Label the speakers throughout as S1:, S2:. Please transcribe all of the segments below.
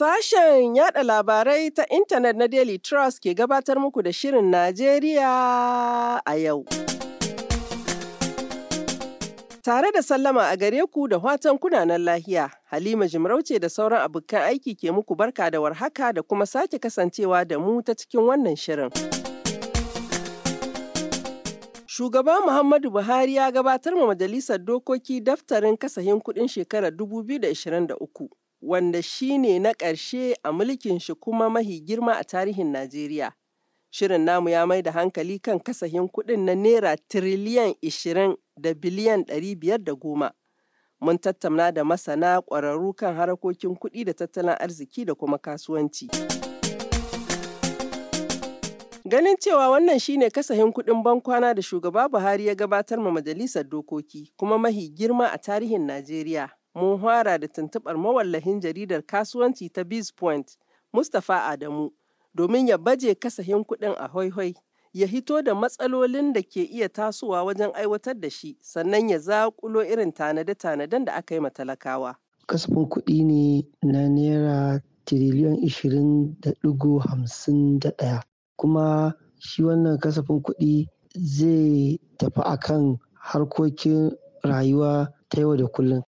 S1: Sashen yada labarai ta intanet na Daily Trust ke gabatar muku da Shirin Najeriya a yau. Tare da sallama a gare ku da watan kunanan lahiya, Halima Jimarauce da sauran abokan aiki ke muku barka da warhaka da kuma sake kasancewa da mu ta cikin wannan shirin. Shugaba Muhammadu Buhari ya gabatar ma Majalisar Dokoki daftarin kasahin kuɗin shekarar 2023. wanda shi ne na ƙarshe a mulkin shi kuma mahi girma a tarihin Najeriya. Shirin namu ya mai da hankali kan kasahin kuɗin na Naira tiriliyan 20 da biliyan 510. Mun tattauna da masana ƙwararru kan harkokin kuɗi da tattalin arziki da kuma kasuwanci. Ganin cewa wannan shi ne kasahin kuɗin bankwana da shugaba Buhari ya gabatar ma majalisar dokoki kuma mahi girma a tarihin Najeriya. mun fara da tuntuɓar mawallahin jaridar kasuwanci ta bizpoint mustapha adamu domin ya baje kasahin kuɗin a hoihoi ya hito da matsalolin da ke iya tasowa wajen aiwatar da shi sannan ya zaƙulo irin tanade-tanaden da aka yi matalakawa.
S2: kasafin kuɗi ne na naira tiriliyan ishirin da ɗigo hamsin da ɗaya kuma shi wannan kasafin kuɗi zai tafi akan harkokin rayuwa ta yau da kullum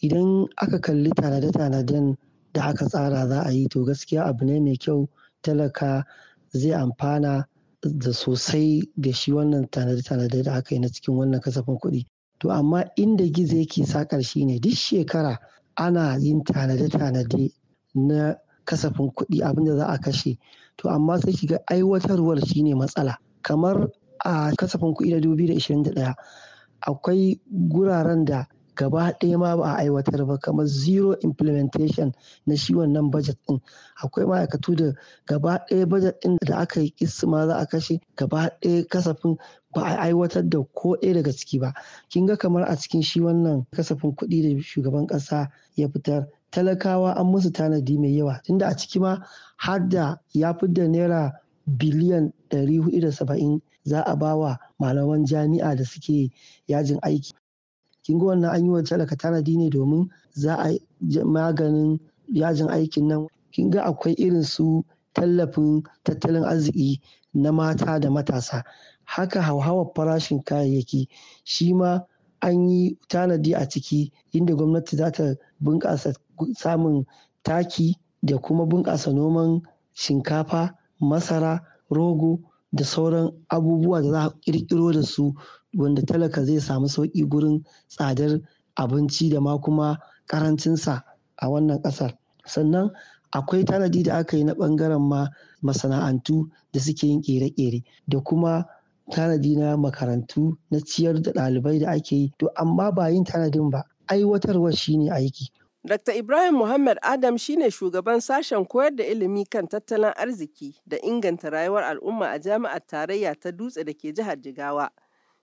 S2: idan aka kalli tanade-tanaden da aka tsara za a yi to gaskiya abu ne mai kyau talaka zai amfana da sosai da shi wannan tanade-tanade da aka yi na cikin wannan kasafin kuɗi. To amma inda gizo yake sakar shi ne duk shekara ana yin tanade-tanade na kasafin kuɗi abin da za a kashe. To amma sai ga aiwatarwar shi ne matsala. Kamar a kasafin kuɗi na 2021 akwai guraren da gaba ɗaya ma ba a aiwatar ba kamar zero implementation na shi wannan budget ɗin akwai ma'aikatu da gaba ɗaya budget ɗin da aka yi ma za a kashe gaba ɗaya kasafin ba a aiwatar da ko ɗaya daga ciki ba kin ga kamar a cikin shi wannan kasafin kuɗi da shugaban ƙasa ya fitar talakawa an musu tanadi mai yawa tunda a ciki ma har da ya da naira biliyan ɗari da saba'in za a bawa malaman jami'a da suke yajin aiki kin ga wannan an yi wa talaka tanadi ne domin za a maganin yajin aikin nan kin ga akwai irin su tallafin tattalin arziki na mata da matasa haka hauhawa farashin kayayyaki shi ma an yi tanadi a ciki inda gwamnati za ta bunƙasa samun taki da kuma bunƙasa noman shinkafa masara rogo da sauran abubuwa da za a ƙirƙiro da su wanda talaka zai samu sauƙi gurin tsadar abinci da ma kuma karancinsa a wannan ƙasar sannan akwai tanadi da aka yi na ɓangaren ma masana'antu da suke yin ƙere-ƙere da kuma tanadi na makarantu na ciyar da ɗalibai da ake yi to amma ba yin tanadin ba aiwatarwa shine aiki
S1: Dr. Ibrahim Muhammad Adam shine shugaban sashen koyar da ilimi kan tattalin arziki da inganta rayuwar al'umma a jami'ar tarayya ta dutse da ke jihar Jigawa.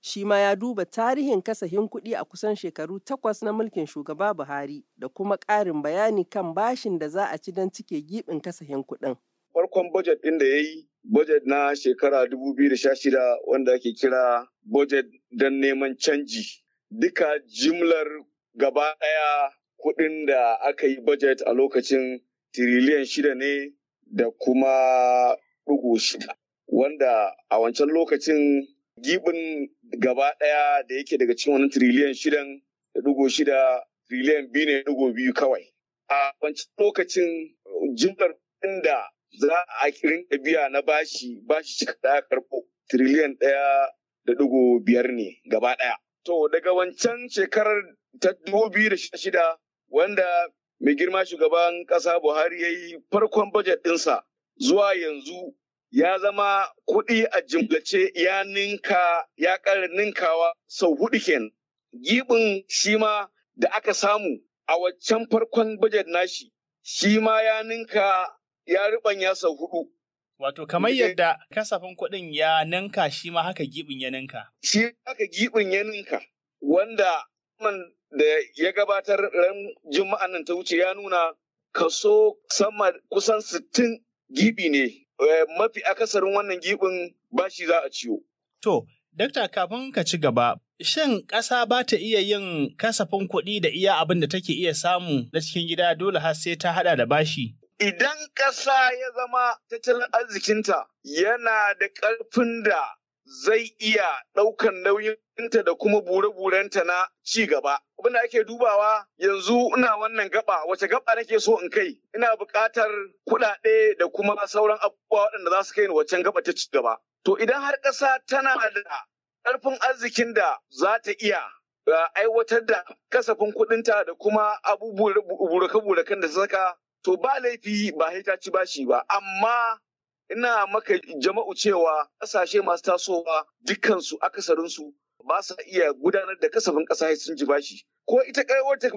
S1: shi ma ya duba tarihin kasahin kuɗi a kusan shekaru takwas na mulkin shugaba Buhari da kuma ƙarin bayani kan bashin da za a ci don cike giɓin kasahin kuɗin.
S3: Farkon budget ɗin da ya yi, budget na shekara 2016 wanda ake kira budget don neman canji. Duka jimlar gaba ɗaya kuɗin da aka yi budget a lokacin tiriliyan shida ne da kuma ɗigo shida. Wanda a wancan lokacin gibin gaba daya da yake daga cikin wani tiriliyan shidan da dugo shida tiriliyan biyu ne dugo biyu kawai. A wancan lokacin jimlar da za a rinka biya na bashi bashi cika da karɓo tiriliyan ɗaya da dugo biyar ne gaba ɗaya. To daga wancan shekarar ta dubu biyu da shida wanda mai girma shugaban ƙasa Buhari ya yi farkon bajet ɗinsa zuwa yanzu ya zama kuɗi a jimlace ya ninka ya ƙara ninkawa sau hudu kenan. Gibin shi ma da aka samu a waccan farkon bajet nashi shi ma ya ninka ya ribanya sau hudu. Wato kamar yadda kasafin
S4: kuɗin ya ninka shi ma haka gibin ya ninka.
S3: Shi haka gibin ya ninka wanda man da ya gabatar ran juma'an nan ta wuce ya nuna kaso sama kusan sittin gibi ne Eh, mafi akasarin wannan gibin bashi za a ciwo. To, dakta kafin
S4: ka ci gaba, shin ƙasa ba ta iya yin kasafin kuɗi da iya abin da take iya samu na cikin gida dole har sai ta haɗa da bashi?
S3: Idan ƙasa ya zama tattalin arzikinta yana da ƙarfin da zai iya ɗaukan nauyinta da kuma bure-burenta na ci gaba. abinda ake dubawa yanzu ina wannan gaba wace gaba nake so in kai ina buƙatar kuɗaɗe da kuma sauran abubuwa waɗanda za su kai ni waccan gaba ta ci gaba to idan har ƙasa tana da ƙarfin arzikin da za ta iya ah, aiwatar da kasafin kuɗinta da kuma abubuwan da buraken da saka to ba laifi ba ta ci bashi ba amma ina maka jama'u cewa ƙasashe masu tasowa dukkansu akasarinsu ba sa iya gudanar da kasafin ƙasa sun ji bashi. Ko ita wata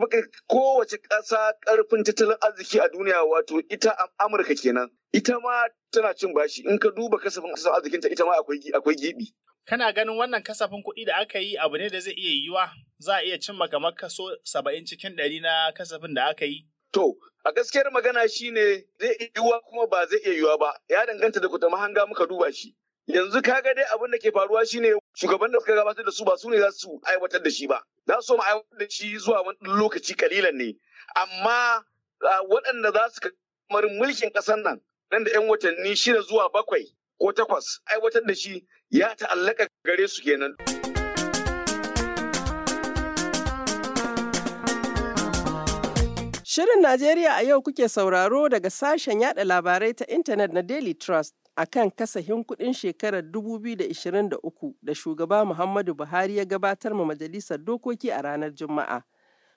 S3: kowace ƙasa ƙarfin tattalin arziki a duniya wato ita Amurka kenan. Ita ma tana cin bashi in ka duba kasafin ƙasar arzikinta ita ma akwai gibi. Kana ganin wannan kasafin kuɗi da
S4: aka yi abu ne da zai iya yiwa za a iya cin kamar kaso saba'in cikin ɗari na kasafin da aka yi?
S3: To, a gaskiyar magana shine zai iya yiwuwa kuma ba zai iya yiwuwa ba, ya danganta da kuta mahanga muka duba shi. Yanzu kaga dai abin da ke faruwa shine shugaban da suka gabatar da su ba su ne za su aiwatar da shi ba za su ma aiwatar da shi zuwa wani lokaci kalilan ne amma waɗanda za su kamarin mulkin ƙasar nan nan da 'yan watanni shida zuwa bakwai ko takwas aiwatar da shi ya ta'allaka gare su kenan.
S1: Shirin Najeriya a yau kuke sauraro daga sashen yada labarai ta intanet na Daily Trust. a kan kasafin kuɗin shekarar 2023 da shugaba Muhammadu Buhari ya gabatar ma Majalisar Dokoki a ranar Juma'a.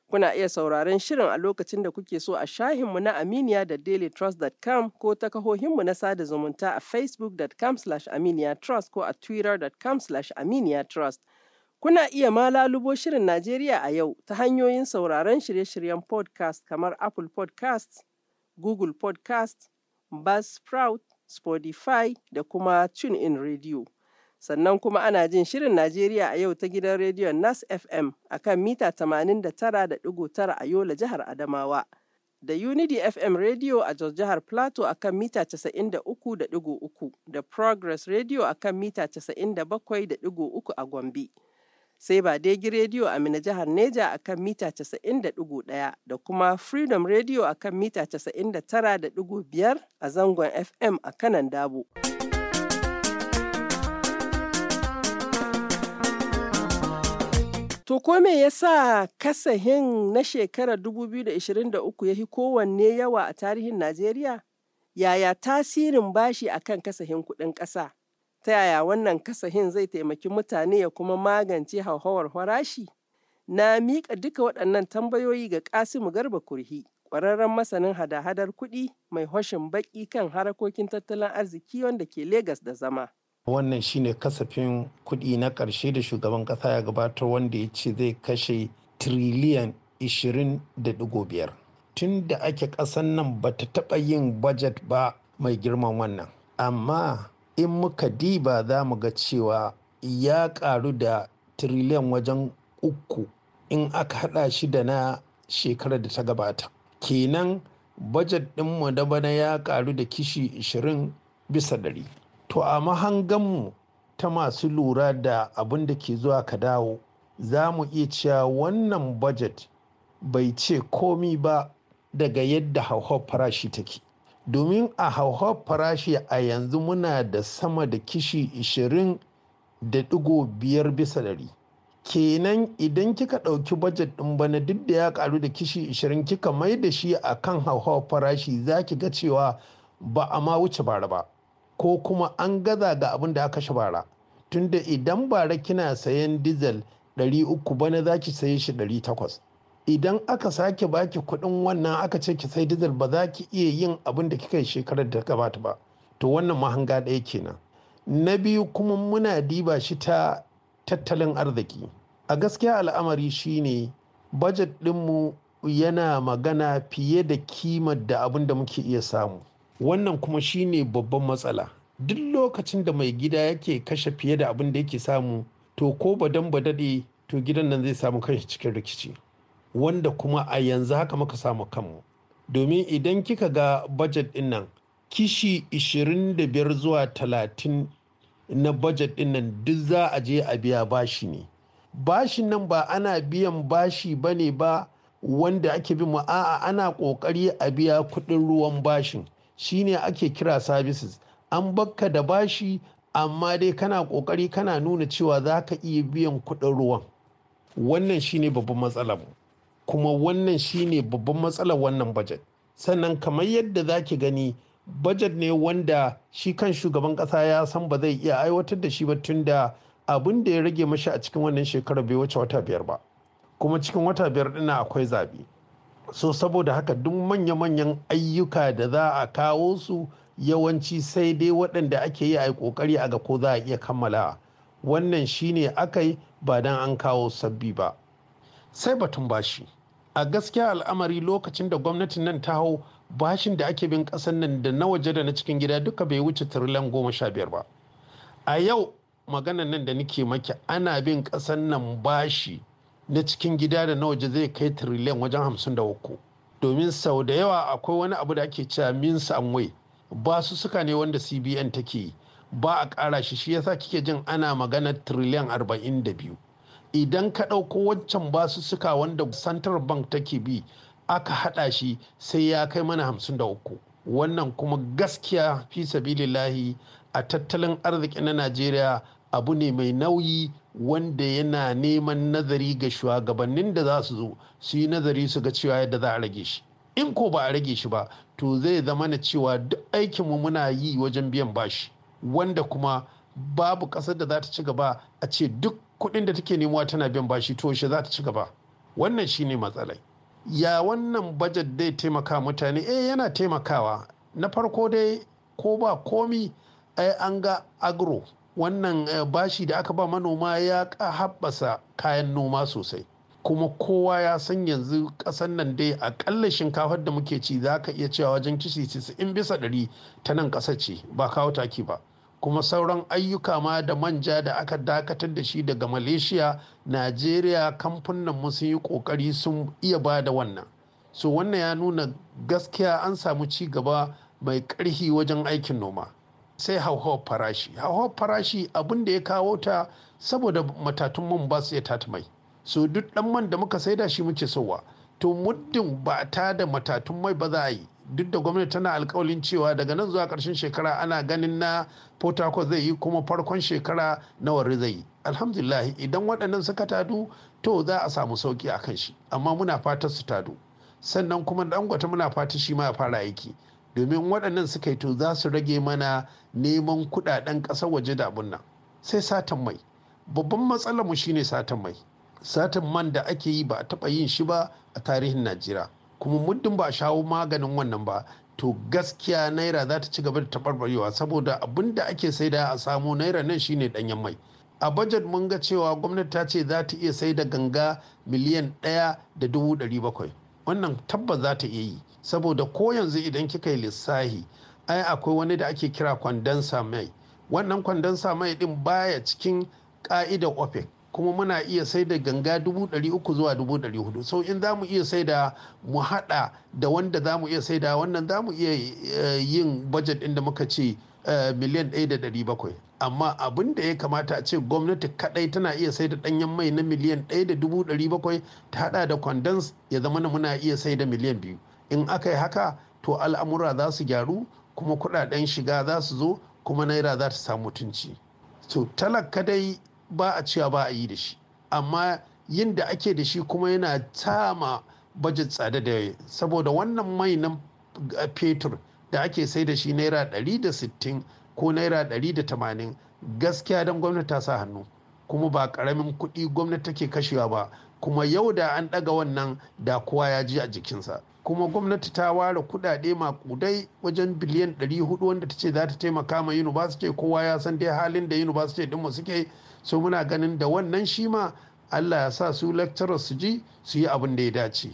S1: Kuna iya sauraron shirin a lokacin da kuke so a shahinmu na Aminiya da dailytrust.com ko ta kahohinmu na sada zumunta a facebook.com slash aminiyatrust ko a twitter.com slash aminiyatrust. Kuna iya ma lalubo shirin Najeriya a yau ta hanyoyin sauraron shirye-shiryen podcast kamar Apple Podcasts, Google Podcasts, Buzzsprout, Spotify da kuma TuneIn Radio. Sannan kuma ana jin Shirin Najeriya a yau ta gidan rediyon Nas FM a kan mita 89.9 a Yola jihar Adamawa. Da Unity FM Radio a Jos jihar Plateau a kan mita 93.3 da Progress Radio a kan mita 97.3 a Gombe. sai ba daigi rediyo a mina jihar Neja a kan mita 90.1 da kuma Freedom Radio a kan mita 99.5 a zangon FM a kanan Dabo. To ko me yasa kasahin na shekarar 2023 ya fi kowanne yawa a tarihin Najeriya? Yaya tasirin bashi akan kasahin kuɗin ƙasa? Ta yaya wannan kasahin zai taimaki mutane ya kuma magance hauhawar farashi? Na mika duka waɗannan tambayoyi ga Kasimu Garba Kurhi, ƙwararren masanin hada-hadar kuɗi mai hoshin baƙi kan harakokin tattalin arziki wanda ke Legas da zama.
S4: Wannan shine kasafin kuɗi na ƙarshe da shugaban ƙasa ya gabatar wanda ya ce zai kashe tiriliyan 20.5. Tun da ake ƙasan nan ba ta taɓa yin bajet ba mai girman wannan. Amma in muka diba za mu ga cewa ya ƙaru da tiriliyan wajen uku in aka haɗa shi da na shekarar da ta gabata kenan bajet ɗinmu da bana ya ƙaru da kishi 20 bisa ɗari to a mahanganmu ta masu lura da abin da ke zuwa ka dawo za mu iya cewa wannan bajet bai ce komi ba daga yadda hauhawar farashi take domin a hauhawar farashi a yanzu muna da sama da kishi 20.5 bisa ɗari kenan idan kika ɗauki bajet ɗin bana duk da ya ƙaru da kishi 20 kika mai da shi a kan hauhawar farashi za ki ga cewa ba a ma wuce bara ba ko kuma an gaza ga abin da aka shi bara tunda idan bara kina sayan dizal 300 bana za ki saye shi 800 idan aka sake baki kuɗin wannan aka ce ki sai dizal ba za ki iya yin abin da kika yi shekarar da ta gabata ba to wannan mahanga ɗaya kenan na biyu kuma muna diba shi ta tattalin arziki a gaskiya al'amari shine bajet ɗinmu yana magana fiye da kimar da abin da muke iya samu wannan kuma shine babban matsala duk lokacin da mai gida yake kashe fiye da abin da yake samu to ko badan badade to gidan nan zai samu kanshi cikin rikici wanda kuma a yanzu haka muka samu kanmu domin idan kika ga budget din nan kishi 25 zuwa 30 na budget din nan duk za a je a biya bashi ne bashin nan ba ana biyan bashi ba ne ba wanda ake bi a'a ana kokari a biya kuɗin ruwan bashin shine ake kira services an bakka da bashi amma dai kana kokari kana nuna cewa za ka iya biyan kuɗin ruwan wannan shine babban matsalar mu kuma wannan shine babban matsalar wannan bajet sannan kamar yadda za ki gani bajet ne wanda shi kan shugaban kasa ya san ba zai iya aiwatar da shi ba tun da abin da ya rage mashi a cikin wannan shekarar bai wuce wata biyar ba kuma cikin wata biyar dina akwai zaɓe so saboda haka duk manya-manyan ayyuka da za a kawo su yawanci sai dai waɗanda ake yi a yi ƙoƙari a ga ko za a iya kammala wannan shine akai ba dan an kawo sabbi ba sai batun bashi a gaskiya al'amari lokacin da gwamnatin nan ta hau bashin da ake bin ƙasar nan da na waje da na cikin gida duka bai wuce tiriliyan goma sha biyar ba a yau maganan nan da nake maki ana bin ƙasar nan bashi na cikin gida da na waje zai kai tiriliyan wajen hamsin da uku domin sau da yawa akwai wani abu da ake cewa min samwai ba su suka ne wanda cbn take yi ba a ƙara shi shi yasa kike jin ana maganar tiriliyan arba'in da biyu idan ka ɗauko wancan basussuka wanda central bank take bi aka haɗa shi sai ya kai mana hamsin da uku wannan kuma gaskiya fi sabilillahi a tattalin arziki na najeriya abu ne mai nauyi wanda yana neman nazari ga shugabannin da za su zo su yi nazari su ga cewa yadda za a rage shi in ko ba a rage shi ba to zai zama na cewa duk aikinmu muna yi wajen biyan bashi wanda kuma babu ƙasar da za ta ci gaba a ce duk kuɗin da take nemuwa tana biyan bashi to shi za ta ci gaba wannan shine matsalai ya wannan bajet dai taimaka mutane eh yana taimakawa na farko dai ko ba komi ai an ga agro wannan eh, bashi da aka ba manoma ya haɓasa kayan noma sosai kuma kowa ya san yanzu ƙasan nan dai aƙalla shinkafar da muke ci za ka iya cewa wajen kishi 90 bisa ɗari ta nan ƙasa ce ba kawo taki ba kuma sauran ayyuka ma da manja da aka dakatar da shi daga malaysia najeriya kamfanin mu sun yi kokari sun iya ba da wannan so wannan ya nuna gaskiya an samu ci gaba mai karhi wajen aikin noma sai hauhawar farashi hauhawar farashi abin da ya kawo ta saboda matatun man ba su iya mai so duk dan man da muka saida shi muke sowa to muddin ba ta da matatun mai ba za a yi duk da gwamnati tana alkawalin cewa daga nan zuwa karshen shekara ana ganin na port harcourt zai yi kuma farkon shekara na wari zai yi alhamdulillah idan waɗannan suka tadu to za a samu sauki a kan shi amma muna fatan su tadu sannan kuma dangote muna fatan shi ma ya fara aiki domin waɗannan suka yi to za su rage mana neman kuɗaɗen ƙasar waje da abun nan sai satan mai babban matsalar mu shine satan mai satan man da ake yi ba a taɓa yin shi ba a tarihin najeriya kuma muddin ba a shawo maganin wannan ba to gaskiya naira za ta ci gaba da taɓarbarewa saboda abin da ake saida a samu naira nan shine ɗanyen mai a bajet mun ga cewa gwamnati ta ce za ta iya sai da ganga miliyan ɗaya da dubu ɗari bakwai wannan tabbas za ta iya yi saboda ko yanzu idan kika yi lissahi ai akwai wani da ake kira kwandansa mai wannan kwandansa mai din baya cikin ƙa'idar opec kuma muna iya sai da ganga 300 zuwa 400 so in za mu iya sai da mu hada da wanda za mu iya sai da wannan za mu iya eh, yin budget ɗin da muka ce eh, miliyan 1.700 amma abin da ya kamata a ce gwamnati kadai tana iya sai da ɗanyen mai na miliyan 1.700 ta hada da condens ya zama na muna iya sai da miliyan biyu in aka yi haka to al'amura za su gyaru kuma kudaden shiga za su zo kuma naira za ta samu mutunci so talaka dai ba a cewa ba a yi da shi amma yin da ake da shi kuma yana tama bajet tsada da yayi saboda wannan mai na eh, fetur da ake sai da shi naira 160 ko naira 180 gaskiya don gwamnati ta sa hannu kuma ba karamin kuɗi gwamnati take kashewa ba kuma yau da an ɗaga wannan da kowa ya ji a jikinsa kuma gwamnati ta ware kudade makudai wajen biliyan 400 wanda ta ce za ta taimaka ma university kowa ya san dai halin da university dinmu suke so muna ganin da wannan shima allah ya sa su lecturers su ji
S1: su yi abin da ya dace.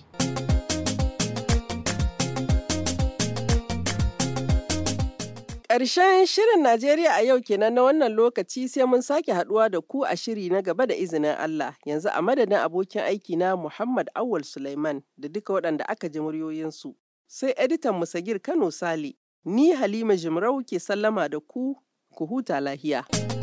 S1: Karshen shirin Najeriya a yau kenan na wannan lokaci sai mun sake haduwa da ku a shiri na gaba da izinin Allah. Yanzu a madadin abokin aiki na Muhammad Awal Sulaiman da duka waɗanda aka ji muryoyinsu. Sai editan Musagir Kano Sali, ni Halima Jimrau ke sallama da ku, ku huta lahiya.